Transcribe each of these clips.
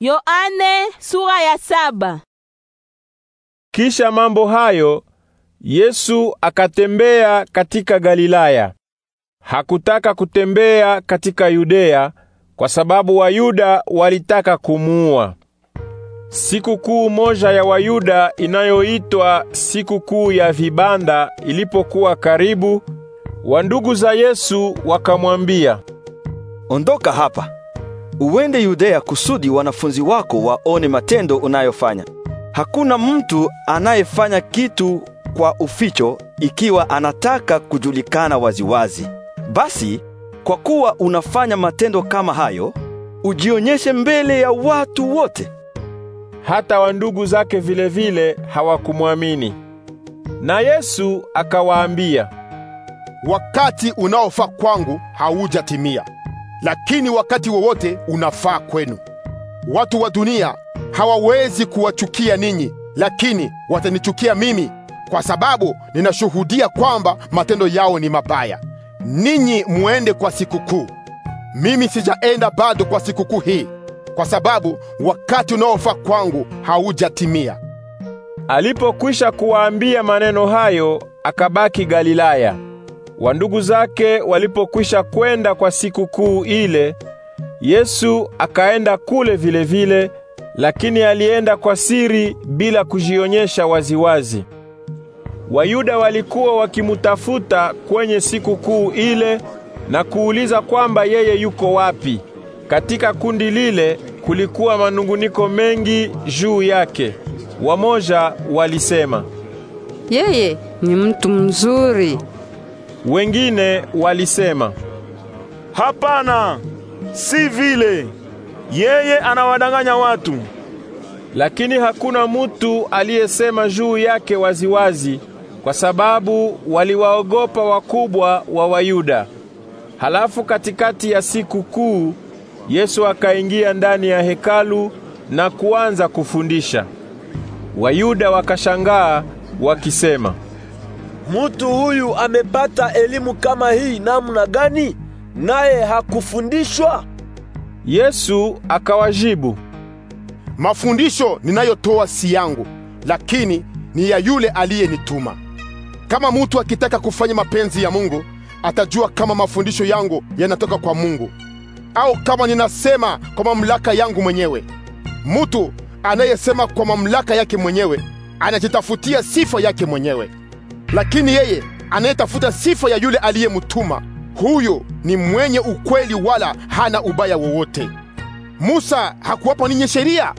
Yoane sura ya saba. Kisha mambo hayo Yesu akatembea katika Galilaya. Hakutaka kutembea katika Yudea kwa sababu Wayuda walitaka kumuua. Siku kuu moja ya Wayuda inayoitwa siku kuu ya vibanda ilipokuwa karibu, wandugu za Yesu wakamwambia, "Ondoka hapa uende Yudea kusudi wanafunzi wako waone matendo unayofanya. Hakuna mtu anayefanya kitu kwa uficho ikiwa anataka kujulikana waziwazi. Basi kwa kuwa unafanya matendo kama hayo, ujionyeshe mbele ya watu wote. Hata wandugu zake vilevile hawakumwamini. Na Yesu akawaambia, wakati unaofaa kwangu haujatimia lakini wakati wowote unafaa kwenu. Watu wa dunia hawawezi kuwachukia ninyi, lakini watanichukia mimi kwa sababu ninashuhudia kwamba matendo yao ni mabaya. Ninyi muende kwa sikukuu, mimi sijaenda bado kwa sikukuu hii, kwa sababu wakati unaofaa kwangu haujatimia. Alipokwisha kuwaambia maneno hayo, akabaki Galilaya. Wandugu zake walipokwisha kwenda kwa siku kuu ile, Yesu akaenda kule vilevile vile, lakini alienda kwa siri bila kujionyesha waziwazi. Wayuda walikuwa wakimutafuta kwenye siku kuu ile na kuuliza kwamba yeye yuko wapi. Katika kundi lile kulikuwa manunguniko mengi juu yake. Wamoja walisema, yeye ni mtu mzuri wengine walisema, hapana, si vile, yeye anawadanganya watu. Lakini hakuna mutu aliyesema juu yake waziwazi, kwa sababu waliwaogopa wakubwa wa Wayuda. Halafu katikati ya siku kuu Yesu akaingia ndani ya hekalu na kuanza kufundisha. Wayuda wakashangaa wakisema mtu huyu amepata elimu kama hii namna gani, naye hakufundishwa? Yesu akawajibu, mafundisho ninayotoa si yangu, lakini ni ya yule aliyenituma. Kama mtu akitaka kufanya mapenzi ya Mungu, atajua kama mafundisho yangu yanatoka kwa Mungu au kama ninasema kwa mamlaka yangu mwenyewe. Mtu anayesema kwa mamlaka yake mwenyewe anajitafutia sifa yake mwenyewe. Lakini yeye anayetafuta sifa ya yule aliyemtuma, huyo ni mwenye ukweli wala hana ubaya wowote. Musa hakuwapa ninyi sheria?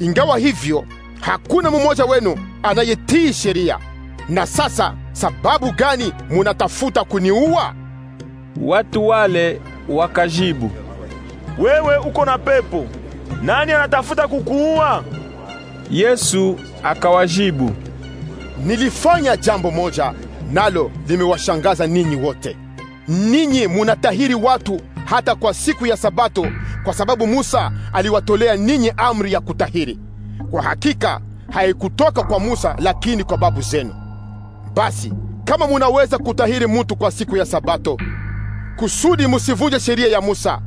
Ingawa hivyo, hakuna mmoja wenu anayetii sheria. Na sasa sababu gani munatafuta kuniua? Watu wale wakajibu, wewe uko na pepo, nani anatafuta kukuua? Yesu akawajibu, nilifanya jambo moja nalo limewashangaza ninyi wote. Ninyi munatahiri watu hata kwa siku ya Sabato, kwa sababu Musa aliwatolea ninyi amri ya kutahiri. Kwa hakika haikutoka kwa Musa, lakini kwa babu zenu. Basi kama munaweza kutahiri mutu kwa siku ya Sabato kusudi musivunje sheria ya Musa,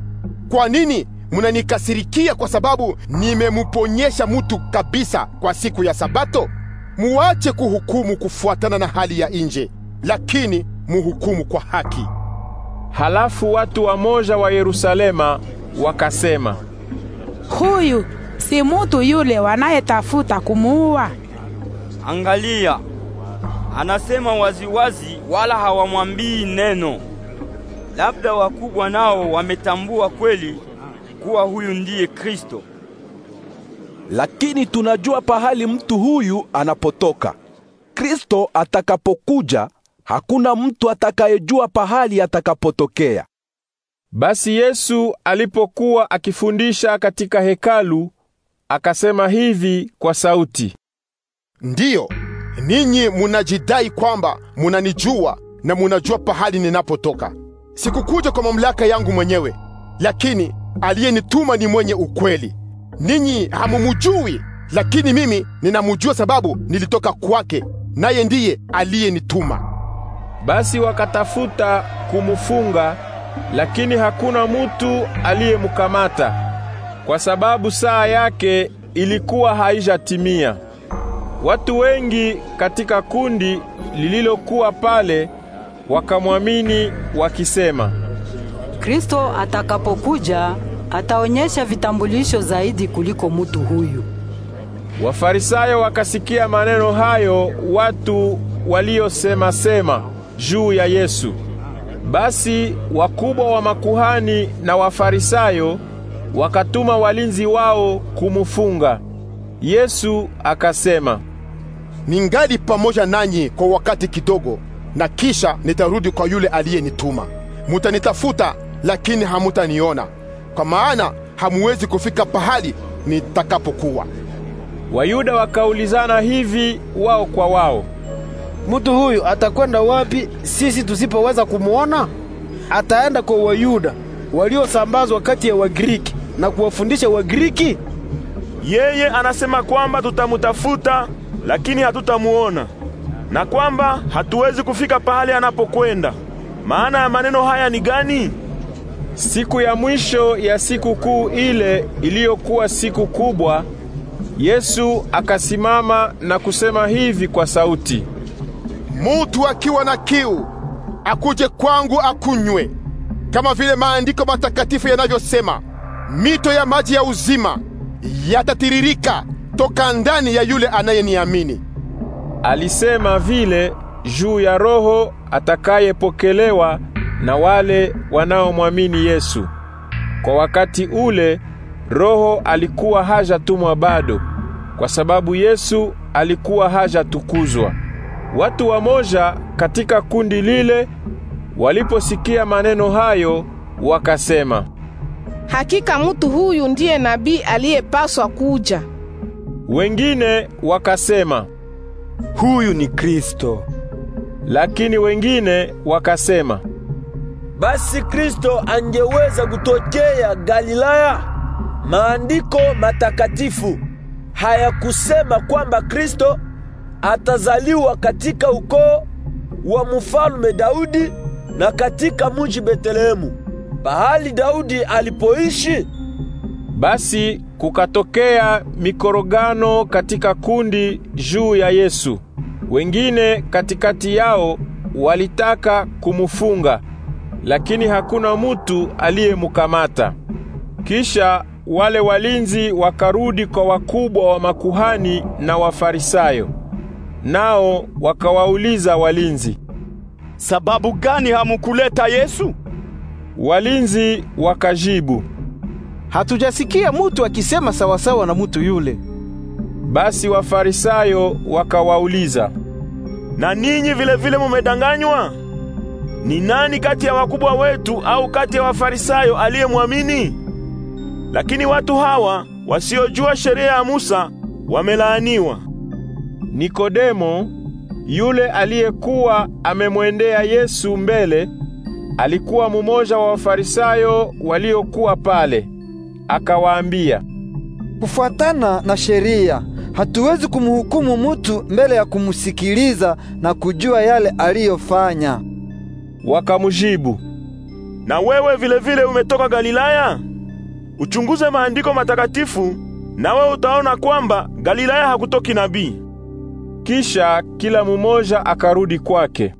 kwa nini munanikasirikia kwa sababu nimemuponyesha mutu kabisa kwa siku ya Sabato? muache kuhukumu kufuatana na hali ya nje, lakini muhukumu kwa haki. Halafu watu wamoja wa Yerusalema wakasema, huyu si mutu yule wanayetafuta kumuua? Angalia, anasema waziwazi, wala hawamwambii neno. Labda wakubwa nao wametambua kweli kuwa huyu ndiye Kristo lakini tunajua pahali mtu huyu anapotoka. Kristo atakapokuja, hakuna mtu atakayejua pahali atakapotokea. Basi Yesu alipokuwa akifundisha katika hekalu, akasema hivi kwa sauti, ndiyo, ninyi munajidai kwamba munanijua na munajua pahali ninapotoka. Sikukuja kwa mamlaka yangu mwenyewe, lakini aliyenituma ni mwenye ukweli. Ninyi hamumujui, lakini mimi ninamujua, sababu nilitoka kwake, naye ndiye aliyenituma. Basi wakatafuta kumufunga, lakini hakuna mutu aliyemkamata, kwa sababu saa yake ilikuwa haijatimia. Watu wengi katika kundi lililokuwa pale wakamwamini wakisema, Kristo atakapokuja ataonyesha vitambulisho zaidi kuliko mutu huyu. Wafarisayo wakasikia maneno hayo watu waliyosema-sema juu ya Yesu. Basi wakubwa wa makuhani na Wafarisayo wakatuma walinzi wao kumufunga Yesu. Akasema, ningali pamoja nanyi kwa wakati kidogo, na kisha nitarudi kwa yule aliyenituma. Mutanitafuta, lakini hamutaniona kwa maana hamuwezi kufika pahali nitakapokuwa. Wayuda wakaulizana hivi wao kwa wao, mtu huyu atakwenda wapi sisi tusipoweza kumwona? Ataenda kwa Wayuda waliosambazwa kati ya Wagiriki na kuwafundisha Wagiriki? Yeye anasema kwamba tutamutafuta lakini hatutamuona, na kwamba hatuwezi kufika pahali anapokwenda. Maana ya maneno haya ni gani? Siku ya mwisho ya siku kuu ile iliyokuwa siku kubwa, Yesu akasimama na kusema hivi kwa sauti, mutu akiwa na kiu akuje kwangu akunywe, kama vile maandiko matakatifu yanavyosema, mito ya maji ya uzima yatatiririka toka ndani ya yule anayeniamini. Alisema vile juu ya Roho atakayepokelewa na wale wanaomwamini Yesu. Kwa wakati ule Roho alikuwa hajatumwa bado, kwa sababu Yesu alikuwa hajatukuzwa. Watu wamoja katika kundi lile waliposikia maneno hayo wakasema, hakika mtu huyu ndiye nabii aliyepaswa kuja. Wengine wakasema, huyu ni Kristo. Lakini wengine wakasema basi Kristo angeweza kutokea Galilaya? Maandiko matakatifu hayakusema kwamba Kristo atazaliwa katika ukoo wa mfalme Daudi na katika mji Betlehemu, pahali Daudi alipoishi? Basi kukatokea mikorogano katika kundi juu ya Yesu. Wengine katikati yao walitaka kumufunga lakini hakuna mutu aliyemukamata. Kisha wale walinzi wakarudi kwa wakubwa wa makuhani na Wafarisayo, nao wakawauliza walinzi, sababu gani hamukuleta Yesu? Walinzi wakajibu, hatujasikia mutu akisema sawasawa na mutu yule. Basi Wafarisayo wakawauliza, na ninyi vilevile mumedanganywa? ni nani kati ya wakubwa wetu au kati ya Wafarisayo aliyemwamini? Lakini watu hawa wasiojua sheria ya Musa wamelaaniwa. Nikodemo yule aliyekuwa amemwendea Yesu mbele alikuwa mumoja wa Wafarisayo waliokuwa pale. Akawaambia, kufuatana na sheria hatuwezi kumhukumu mutu mbele ya kumsikiliza na kujua yale aliyofanya. Wakamjibu, na wewe vile vile umetoka Galilaya? Uchunguze maandiko matakatifu, nawe utaona kwamba Galilaya hakutoki nabii. Kisha kila mumoja akarudi kwake.